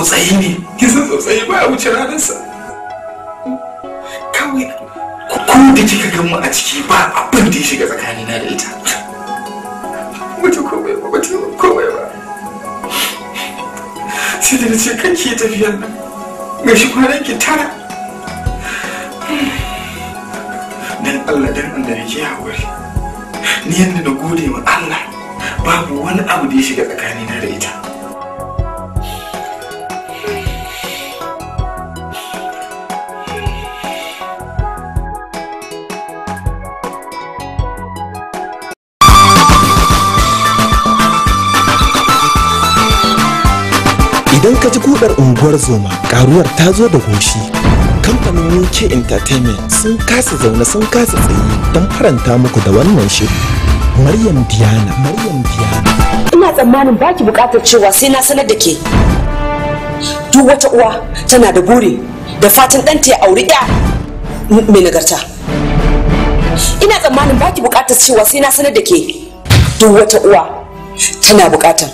tsautsayi ne kisan tsautsayi ba ya wuce ranarsa kawai ko da kika gan mu a ciki ba abin da ya shiga tsakanina da ita mutu komai ba mutu komai ba sai da ce kanki tafiyar nan ga shi kwanan ki tara dan Allah dan an da nake haƙuri ni yadda na gode wa Allah babu wani abu da ya shiga tsakanina da ita unguwar zoma karuwar ta zo da goshi kamfanin UK Entertainment sun kasa zaune sun kasa tsaye don faranta muku da wannan shiri Maryam Diana Maryam Diana ina tsammanin baki bukatar cewa sai na sanar da ke duk wata uwa tana da buri da fatan ɗanta ya auri ɗa mai nagarta ina tsammanin baki bukatar cewa sai na sanar da ke duk wata uwa tana bukatar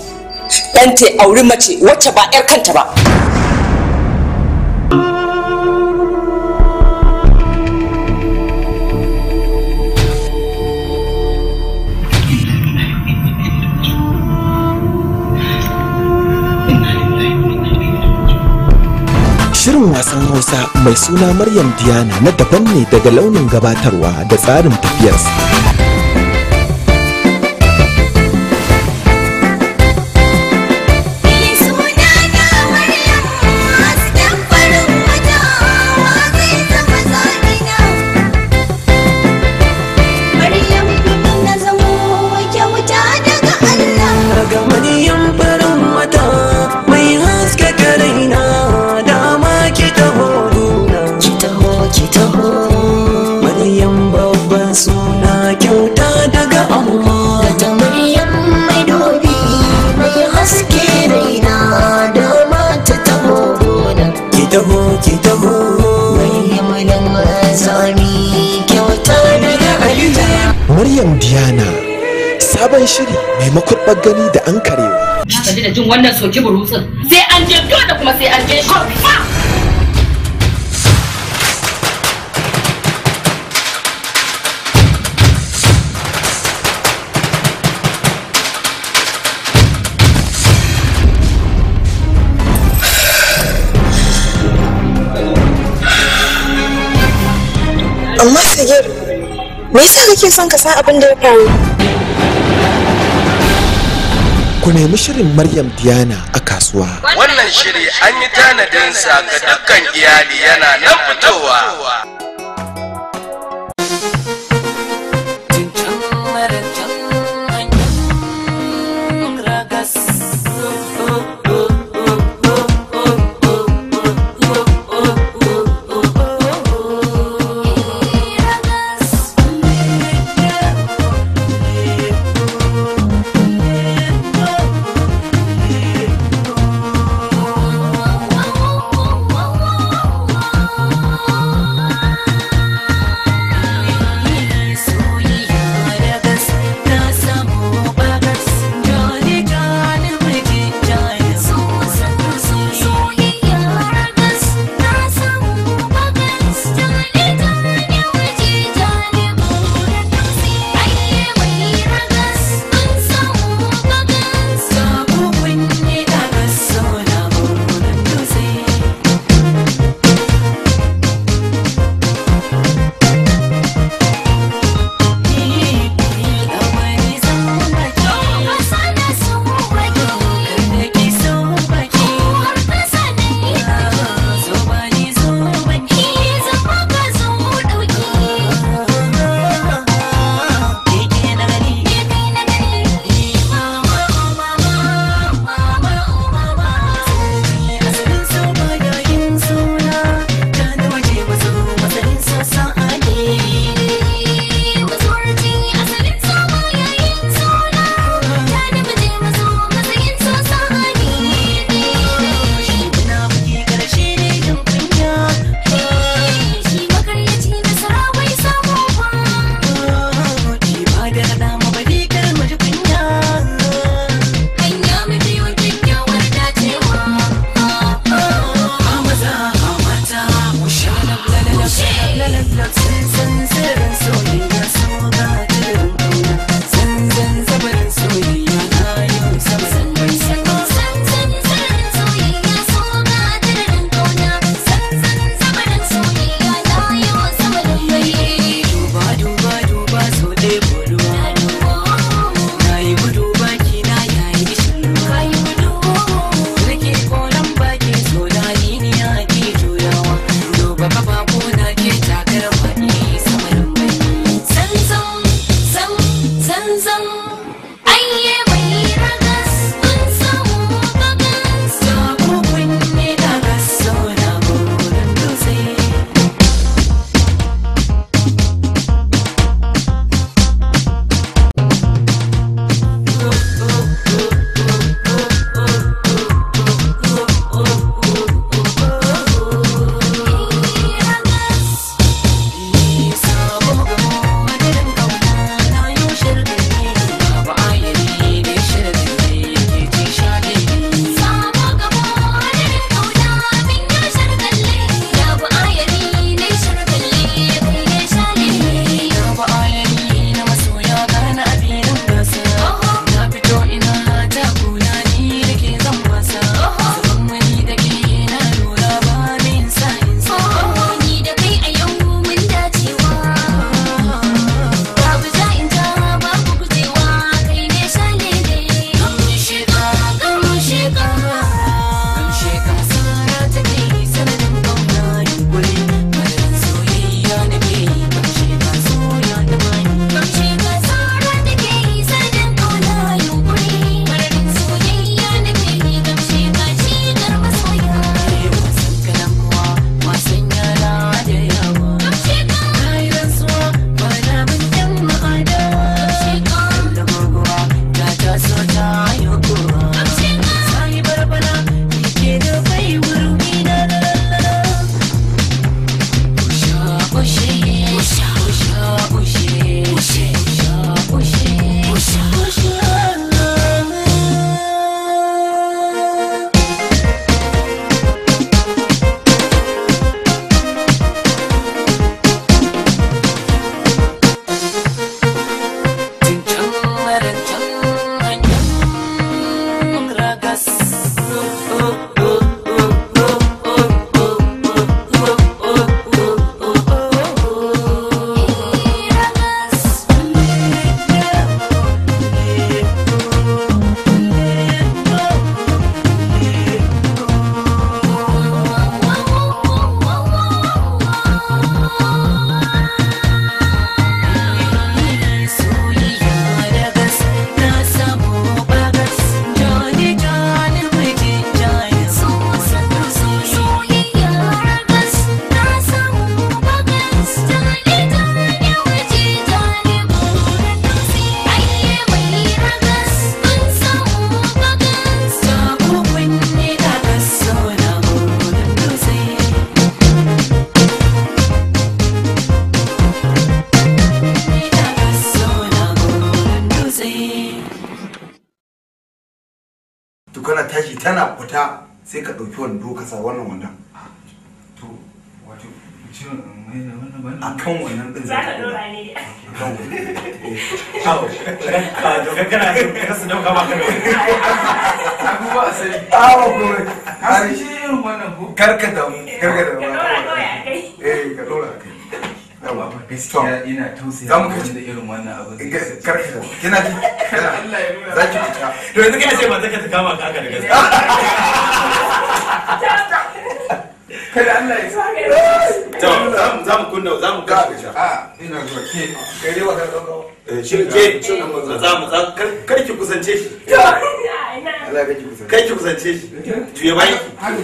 ɗanta ya auri mace wacce ba 'yar kanta ba wasan Hausa mai suna Maryam Diana na daban ne daga launin gabatarwa da tsarin tafiyarsa. Maryam Diana sabon shiri mai makurɓar gani da an karewa. Na gaji da jin wannan soki burutsun sai an je dole kuma sai an je shi. Amma me yasa kake son ka san abin da ya faru ku nemi shirin maryam diana a kasuwa wannan shiri an yi tanadinsa ga dukkan iyali yana nan fitowa sai ka ɗauki wani ka sa wannan wannan a kan wannan ɗin a kan wannan kawo ka kana a sai kuma a shi wannan ko karka damu karka damu ka ɗora kawai a eh, ka ɗora yawa gaskiya ina tausaya za kai da irin wannan kina ji za fita to yanzu ce ba zaka ta kama ka da gaskiya kada Allah ya sake to mu kunna za mu ga a ina zuwa ke kai dai wata eh, eh, eh, shi ke kusance shi kai ki kusance shi bai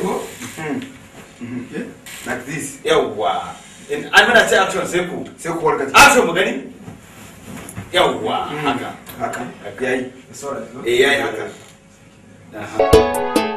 ko hmm. Hmm. Hmm. like this in an muna ce action sai ku sai ku warkata action mu gani yawwa mm. haka haka yayi eh yayi haka